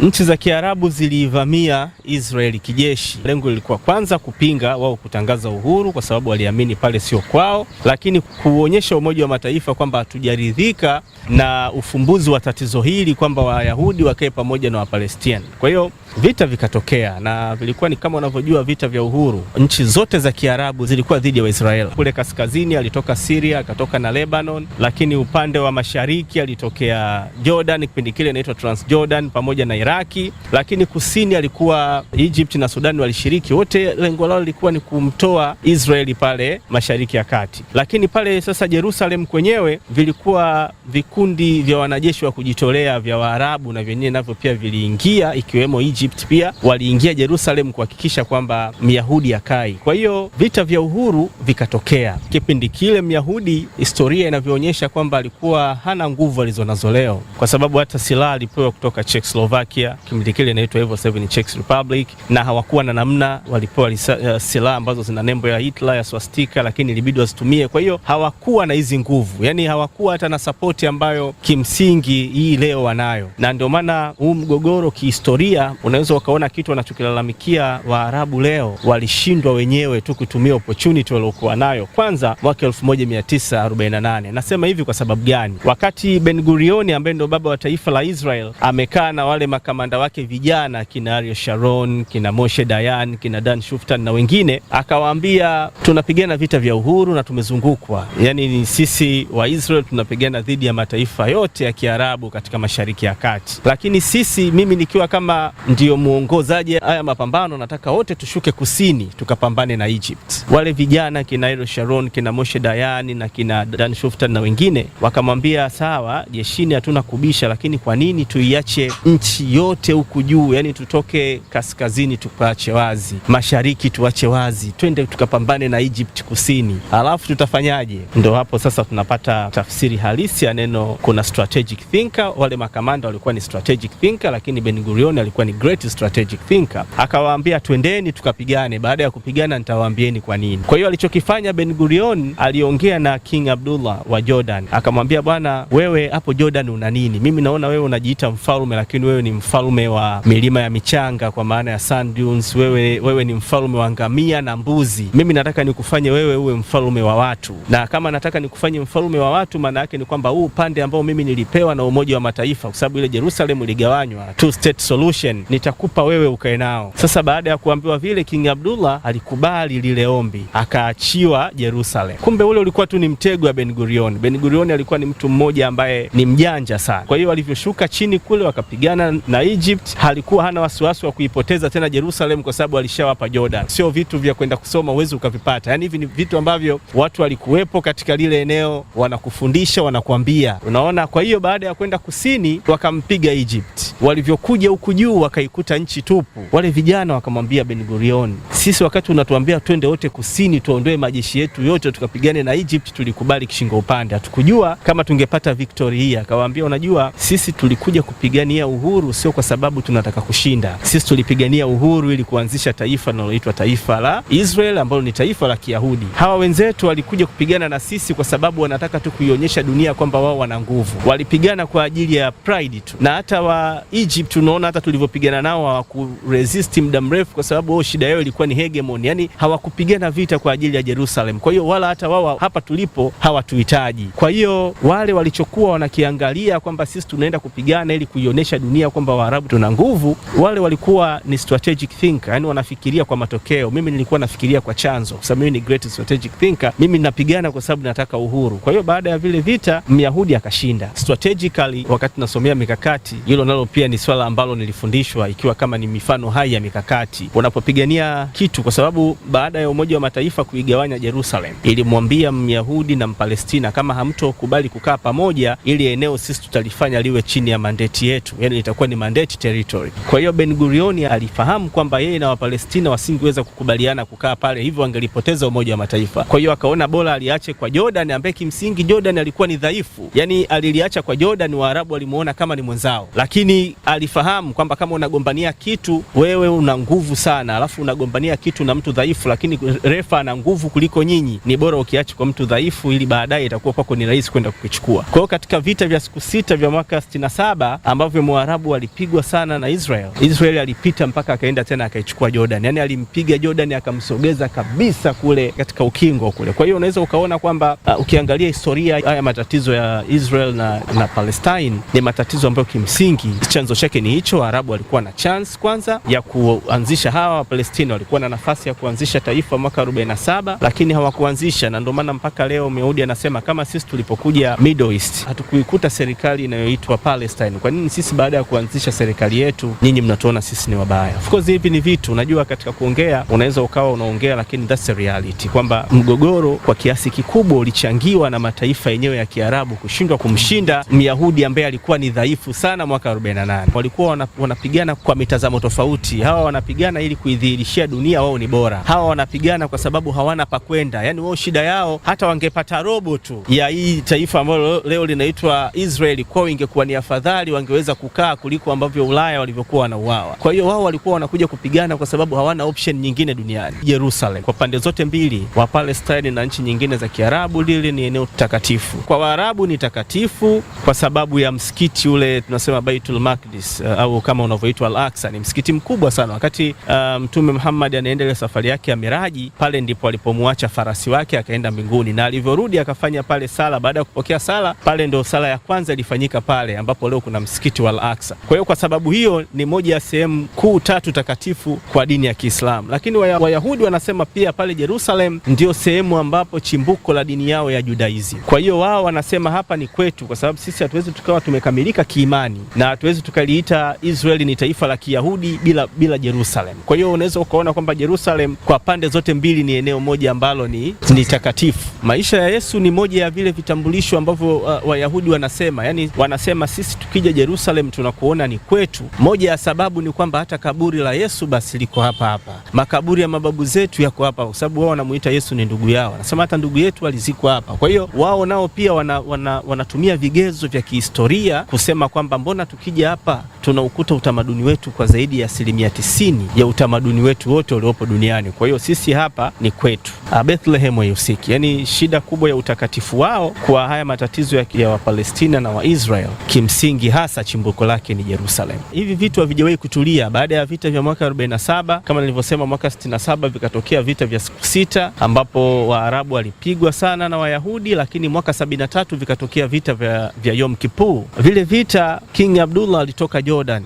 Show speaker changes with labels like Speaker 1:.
Speaker 1: Nchi za Kiarabu ziliivamia Israeli kijeshi. Lengo lilikuwa kwanza kupinga wao kutangaza uhuru, kwa sababu waliamini pale sio kwao, lakini kuonyesha Umoja wa Mataifa kwamba hatujaridhika na ufumbuzi wa tatizo hili, kwamba Wayahudi wakae pamoja na Wapalestina. Kwa hiyo vita vikatokea, na vilikuwa ni kama unavyojua vita vya uhuru. Nchi zote za Kiarabu zilikuwa dhidi ya Waisraeli. Kule kaskazini alitoka Syria, akatoka na Lebanon, lakini upande wa mashariki alitokea Jordan, kipindi kile inaitwa Transjordan, pamoja na Iran. Iraki, lakini kusini alikuwa Egypt na Sudani walishiriki wote, lengo lao lilikuwa ni kumtoa Israeli pale mashariki ya kati. Lakini pale sasa Jerusalem kwenyewe vilikuwa vikundi vya wanajeshi wa kujitolea vya Waarabu na vyenyewe navyo pia viliingia, ikiwemo Egypt pia waliingia Jerusalem kuhakikisha kwamba Myahudi akai. Kwa hiyo vita vya uhuru vikatokea kipindi kile. Myahudi historia inavyoonyesha kwamba alikuwa hana nguvu alizonazo leo, kwa sababu hata silaha alipewa kutoka Czechoslovakia Slovakia, kipindi kile inaitwa hivyo, sasa hivi ni Czech Republic, na hawakuwa na namna, walipewa uh, silaha ambazo zina nembo ya Hitler ya swastika, lakini ilibidi wazitumie. Kwa hiyo hawakuwa na hizi nguvu, yani hawakuwa hata na sapoti ambayo kimsingi hii leo wanayo, na ndio maana huu mgogoro kihistoria unaweza ukaona kitu wanachokilalamikia Waarabu leo walishindwa wenyewe tu kutumia opportunity waliokuwa nayo kwanza mwaka 1948. Nasema hivi kwa sababu gani? Wakati Ben Gurioni ambaye ndio baba wa taifa la Israel amekaa na wale makamanda wake vijana kina Ario Sharon, kina Moshe Dayan, kina Dan Shuftan na wengine, akawaambia tunapigana vita vya uhuru na tumezungukwa, yaani ni sisi wa Israel tunapigana dhidi ya mataifa yote ya Kiarabu katika Mashariki ya Kati, lakini sisi, mimi nikiwa kama ndiyo mwongozaji haya mapambano, nataka wote tushuke kusini tukapambane na Egypt. Wale vijana kina Ario Sharon, kina Moshe Dayan na kina Dan Shuftan na wengine wakamwambia, sawa, jeshini hatuna kubisha, lakini kwa nini tuiache nchi yote huku juu, yani tutoke kaskazini tukache wazi, mashariki tuache wazi, twende tukapambane na Egypt kusini, alafu tutafanyaje? Ndo hapo sasa tunapata tafsiri halisi ya neno kuna strategic thinker. Wale makamanda walikuwa ni strategic thinker, lakini Ben Gurion alikuwa ni great strategic thinker. Akawaambia twendeni tukapigane, baada ya kupigana nitawaambieni kwa nini. Kwa hiyo alichokifanya Ben Gurion, aliongea na King Abdullah wa Jordan, akamwambia bwana, wewe hapo Jordan una nini? Mimi naona wewe unajiita mfalme, lakini wewe ni mfalme mfalme wa milima ya michanga kwa maana ya sand dunes. Wewe, wewe ni mfalme wa ngamia na mbuzi. Mimi nataka nikufanye wewe uwe mfalme wa watu, na kama nataka nikufanye mfalme wa watu, maana yake ni kwamba huu upande ambao mimi nilipewa na Umoja wa Mataifa, kwa sababu ile Jerusalem iligawanywa two state solution, nitakupa wewe ukae nao. Sasa baada ya kuambiwa vile, King Abdullah alikubali lile ombi, akaachiwa Jerusalem. Kumbe ule ulikuwa tu ni mtego wa Ben Gurion. Ben Gurion alikuwa ni mtu mmoja ambaye ni mjanja sana, kwa hiyo alivyoshuka chini kule wakapigana na na Egypt halikuwa hana wasiwasi wa kuipoteza tena Jerusalem kwa sababu alishawapa Jordan. Sio vitu vya kwenda kusoma uwezi ukavipata, yaani hivi ni vitu ambavyo watu walikuwepo katika lile eneo, wanakufundisha wanakuambia, unaona. Kwa hiyo baada ya kwenda kusini wakampiga Egypt, walivyokuja huku juu wakaikuta nchi tupu. Wale vijana wakamwambia Ben Gurion, sisi wakati unatuambia twende wote kusini tuondoe majeshi yetu yote tukapigane na Egypt tulikubali kishingo upande, hatukujua kama tungepata victory hii. Akawaambia, unajua sisi tulikuja kupigania uhuru sio kwa sababu tunataka kushinda. Sisi tulipigania uhuru ili kuanzisha taifa linaloitwa taifa la Israel ambalo ni taifa la Kiyahudi. Hawa wenzetu walikuja kupigana na sisi kwa sababu wanataka tu kuionyesha dunia kwamba wao wana nguvu. Walipigana kwa ajili ya pride tu, na hata wa Egypt tunaona hata tulivyopigana nao hawakuresist muda mrefu, kwa sababu wao oh, shida yao ilikuwa ni hegemon yani hawakupigana vita kwa ajili ya Jerusalem. Kwa hiyo wala hata wao hapa tulipo hawatuhitaji. Kwa hiyo wale walichokuwa wanakiangalia kwamba sisi tunaenda kupigana ili kuionyesha dunia kwamba kwamba Waarabu tuna nguvu, wale walikuwa ni strategic thinker, yani wanafikiria kwa matokeo. Mimi nilikuwa nafikiria kwa chanzo, kwa sababu mimi ni great strategic thinker. Mimi napigana kwa sababu nataka uhuru. Kwa hiyo baada ya vile vita Myahudi akashinda strategically. Wakati nasomea mikakati, hilo nalo pia ni swala ambalo nilifundishwa, ikiwa kama ni mifano hai ya mikakati unapopigania kitu, kwa sababu baada ya Umoja wa Mataifa kuigawanya Jerusalem, ilimwambia Myahudi na Mpalestina kama hamtokubali kukaa pamoja, ili eneo sisi tutalifanya liwe chini ya mandeti yetu, yani itakuwa ni ni mandate territory. Kwa hiyo Ben Gurioni alifahamu kwamba yeye na Wapalestina wasingeweza kukubaliana kukaa pale, hivyo angelipoteza Umoja wa Mataifa. Kwa hiyo akaona bora aliache kwa Jordan, ambaye kimsingi Jordan alikuwa ni dhaifu, yani aliliacha kwa Jordan, Waarabu walimuona kama ni mwenzao, lakini alifahamu kwamba kama unagombania kitu wewe una nguvu sana, alafu unagombania kitu na mtu dhaifu, lakini refa ana nguvu kuliko nyinyi, ni bora ukiache kwa mtu dhaifu, ili baadaye itakuwa kwako ni rahisi kwenda kukichukua. Kwa hiyo katika vita vya siku sita vya mwaka 67 ambavyo Waarabu wali alipigwa sana na Israel. Israel alipita mpaka akaenda tena akaichukua Jordan, yaani alimpiga Jordan akamsogeza kabisa kule katika ukingo kule. Kwa hiyo unaweza ukaona kwamba uh, ukiangalia historia haya matatizo ya Israel na, na Palestine ni matatizo ambayo kimsingi chanzo chake ni hicho. Waarabu walikuwa na chance kwanza ya kuanzisha hawa Wapalestina walikuwa na nafasi ya kuanzisha taifa mwaka 47 lakini hawakuanzisha, na ndio maana mpaka leo Meudi anasema kama sisi tulipokuja Middle East hatukuikuta serikali inayoitwa Palestine. Kwa nini sisi baada ya kuanzisha kuisasisisha serikali yetu, nyinyi mnatuona sisi ni wabaya. Of course hivi ni vitu, unajua katika kuongea unaweza ukawa unaongea, lakini that's the reality kwamba mgogoro kwa kiasi kikubwa ulichangiwa na mataifa yenyewe ya Kiarabu kushindwa kumshinda Myahudi ambaye alikuwa ni dhaifu sana mwaka 48. Walikuwa wanapigana kwa mitazamo tofauti. Hawa wanapigana ili kuidhihirishia dunia wao ni bora, hawa wanapigana kwa sababu hawana pa kwenda. Yani wao shida yao, hata wangepata robo tu ya hii taifa ambalo leo linaitwa Israeli, kwao ingekuwa ni afadhali, wangeweza kukaa kuliko kuliko ambavyo Ulaya walivyokuwa wanauawa. Kwa hiyo wao walikuwa wanakuja kupigana kwa sababu hawana option nyingine duniani. Yerusalem kwa pande zote mbili, wa Palestine na nchi nyingine za Kiarabu, lile ni eneo takatifu kwa Waarabu, ni takatifu kwa sababu ya msikiti ule tunasema Baitul Maqdis uh, au kama unavyoitwa Al-Aqsa. Ni msikiti mkubwa sana. Wakati uh, Mtume Muhammad anaendelea safari yake ya miraji, pale ndipo alipomwacha farasi wake akaenda mbinguni, na alivyorudi akafanya pale sala. Baada ya kupokea sala pale, ndio sala ya kwanza ilifanyika pale ambapo leo kuna msikiti wa Al-Aqsa. Kwa hiyo kwa sababu hiyo ni moja ya sehemu kuu tatu takatifu kwa dini ya Kiislamu. Lakini Wayahudi wanasema pia pale Jerusalem ndio sehemu ambapo chimbuko la dini yao ya Judaizi. Kwa hiyo wao wanasema hapa ni kwetu, kwa sababu sisi hatuwezi tukawa tumekamilika kiimani na hatuwezi tukaliita Israeli ni taifa la Kiyahudi bila, bila Jerusalem. Kwa hiyo unaweza ukaona kwamba Jerusalem kwa pande zote mbili ni eneo moja ambalo ni, ni takatifu. Maisha ya Yesu ni moja ya vile vitambulisho ambavyo uh, Wayahudi wanasema, yani wanasema sisi tukija Jerusalem tunakuona ni kwetu. Moja ya sababu ni kwamba hata kaburi la Yesu basi liko hapa hapa, makaburi ya mababu zetu yako hapa, kwa sababu wao wanamuita Yesu ni ndugu yao, anasema hata ndugu yetu alizikwa hapa. Kwa hiyo wao nao pia wanatumia wana, wanatumia vigezo vya kihistoria kusema kwamba mbona tukija hapa tunaukuta utamaduni wetu kwa zaidi ya asilimia tisini ya utamaduni wetu wote uliopo duniani. Kwa hiyo sisi hapa ni kwetu. Ah, Bethlehem haihusiki, yaani shida kubwa ya utakatifu wao kwa haya matatizo ya, ya Wapalestina na Waisrael kimsingi hasa chimbuko lake ni Yerusalemu. Hivi vitu havijawahi kutulia. Baada ya vita vya mwaka 47 kama nilivyosema, mwaka 67 vikatokea vita vya siku sita ambapo Waarabu walipigwa sana na Wayahudi, lakini mwaka 73 vikatokea vita vya, vya Yom Kippur. Vile vita King Abdullah alitoka Jordan.